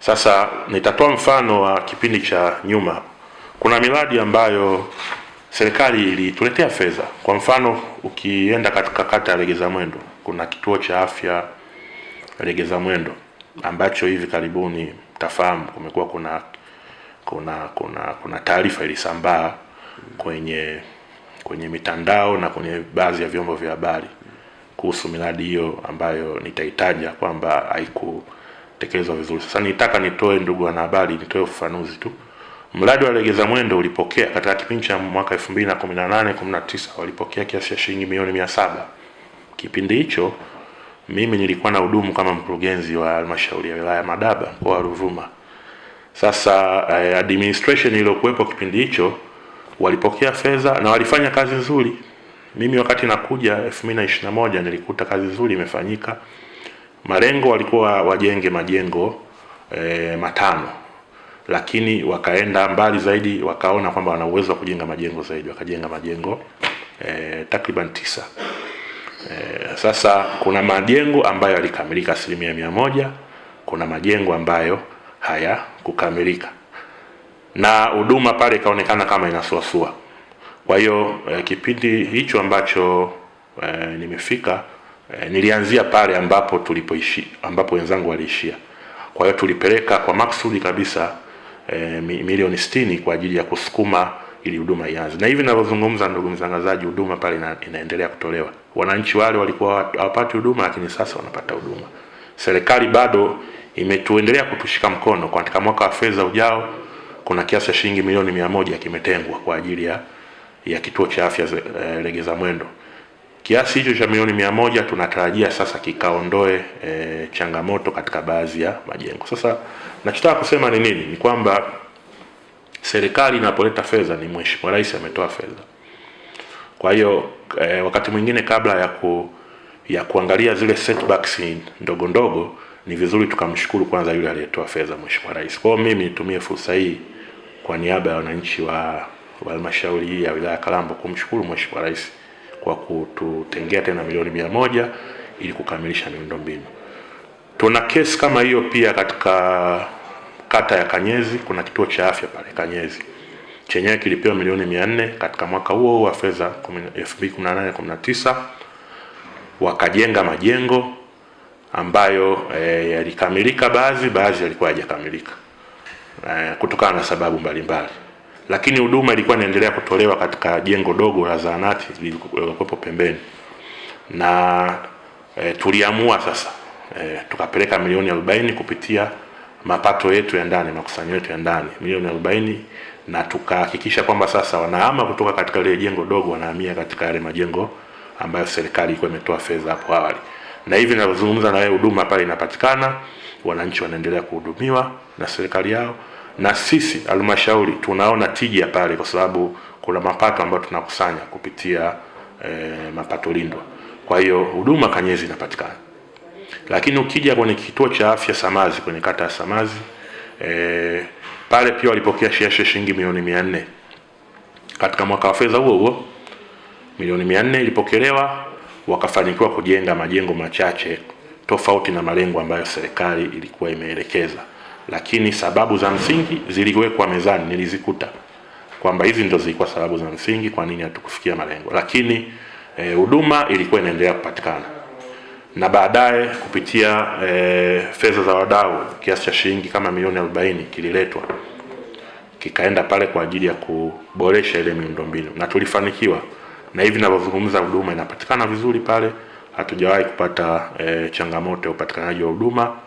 Sasa nitatoa mfano wa kipindi cha nyuma. Kuna miradi ambayo serikali ilituletea fedha. Kwa mfano, ukienda katika kata ya Legeza Mwendo kuna kituo cha afya Legeza Mwendo ambacho hivi karibuni tafahamu kumekuwa kuna kuna kuna kuna taarifa ilisambaa kwenye kwenye mitandao na kwenye baadhi ya vyombo vya habari kuhusu miradi hiyo ambayo nitahitaji kwamba haiku hazijatekelezwa vizuri. Sasa nitaka nitoe, ndugu wanahabari, nitoe ufafanuzi tu. Mradi wa legeza mwendo ulipokea katika kipindi cha mwaka 2018 19 walipokea kiasi cha shilingi milioni mia saba. Kipindi hicho mimi nilikuwa na hudumu kama mkurugenzi wa halmashauri ya wilaya Madaba mkoa wa Ruvuma. Sasa eh, administration iliyokuwepo kipindi hicho walipokea fedha na walifanya kazi nzuri. Mimi wakati nakuja 2021 nilikuta kazi nzuri imefanyika. Malengo walikuwa wajenge majengo e, matano, lakini wakaenda mbali zaidi, wakaona kwamba wana uwezo wa kujenga majengo zaidi, wakajenga majengo e, takriban tisa. E, sasa kuna majengo ambayo yalikamilika asilimia mia moja, kuna majengo ambayo hayakukamilika na huduma pale ikaonekana kama inasuasua. Kwa hiyo e, kipindi hicho ambacho e, nimefika E, nilianzia pale ambapo tulipoishi ambapo wenzangu waliishia. Kwa hiyo tulipeleka kwa maksudi kabisa e, milioni sitini kwa ajili ya kusukuma ili huduma ianze. Na hivi ninavyozungumza, ndugu mtangazaji, huduma pale ina, inaendelea kutolewa. Wananchi wale walikuwa hawapati huduma, lakini sasa wanapata huduma. Serikali bado imetuendelea kutushika mkono. Katika mwaka wa fedha ujao kuna kiasi cha shilingi milioni mia moja kimetengwa kwa ajili ya ya kituo cha afya e, Legeza Mwendo. Kiasi hicho cha milioni mia moja tunatarajia sasa kikaondoe e, changamoto katika baadhi ya majengo. Sasa nachotaka kusema ni nini? Ni kwamba serikali inapoleta fedha, ni Mheshimiwa Rais ametoa fedha. Kwa hiyo e, wakati mwingine kabla ya ku, ya kuangalia zile setbacks ndogo ndogo ni vizuri tukamshukuru kwanza yule aliyetoa fedha, Mheshimiwa Rais. Kwa hiyo mimi nitumie fursa hii kwa niaba ya wananchi wa halmashauri hii ya wilaya Kalambo kumshukuru Mheshimiwa Rais kwa kututengea tena milioni mia moja ili kukamilisha miundombinu. Tuna kesi kama hiyo pia katika kata ya Kanyezi, kuna kituo cha afya pale Kanyezi chenyewe kilipewa milioni mia nne katika mwaka huo wa fedha 2018 19 wakajenga majengo ambayo e, yalikamilika baadhi, baadhi yalikuwa hayajakamilika e, kutokana na sababu mbalimbali mbali lakini huduma ilikuwa inaendelea kutolewa katika jengo dogo la zahanati lililokuwepo pembeni na e, tuliamua sasa e, tukapeleka milioni arobaini kupitia mapato yetu ya ndani, makusanyo yetu ya ndani milioni arobaini, na tukahakikisha kwamba sasa wanahama kutoka katika lile jengo dogo, wanahamia katika yale majengo ambayo serikali ilikuwa imetoa fedha hapo awali. Na hivi ninavyozungumza na wewe, huduma pale inapatikana, wananchi wanaendelea kuhudumiwa na serikali yao na sisi halmashauri tunaona tija pale, kwa sababu kuna mapato ambayo tunakusanya kupitia e, mapato lindwa. Kwa hiyo huduma kanyezi inapatikana, lakini ukija kwenye kituo cha afya Samazi kwenye kata ya Samazi e, pale pia walipokea shiasha shilingi milioni mia nne katika mwaka wa fedha huo huo milioni mia nne ilipokelewa wakafanikiwa kujenga majengo machache tofauti na malengo ambayo serikali ilikuwa imeelekeza lakini sababu za msingi ziliwekwa mezani, nilizikuta kwamba hizi ndio zilikuwa sababu za msingi kwa nini hatukufikia malengo, lakini e, huduma e, ilikuwa inaendelea kupatikana na baadaye kupitia e, fedha za wadau kiasi cha shilingi kama milioni 40 kililetwa kikaenda pale kwa ajili ya kuboresha ile miundombinu na tulifanikiwa, na hivi ninavyozungumza huduma inapatikana vizuri pale, hatujawahi kupata e, changamoto ya upatikanaji wa huduma.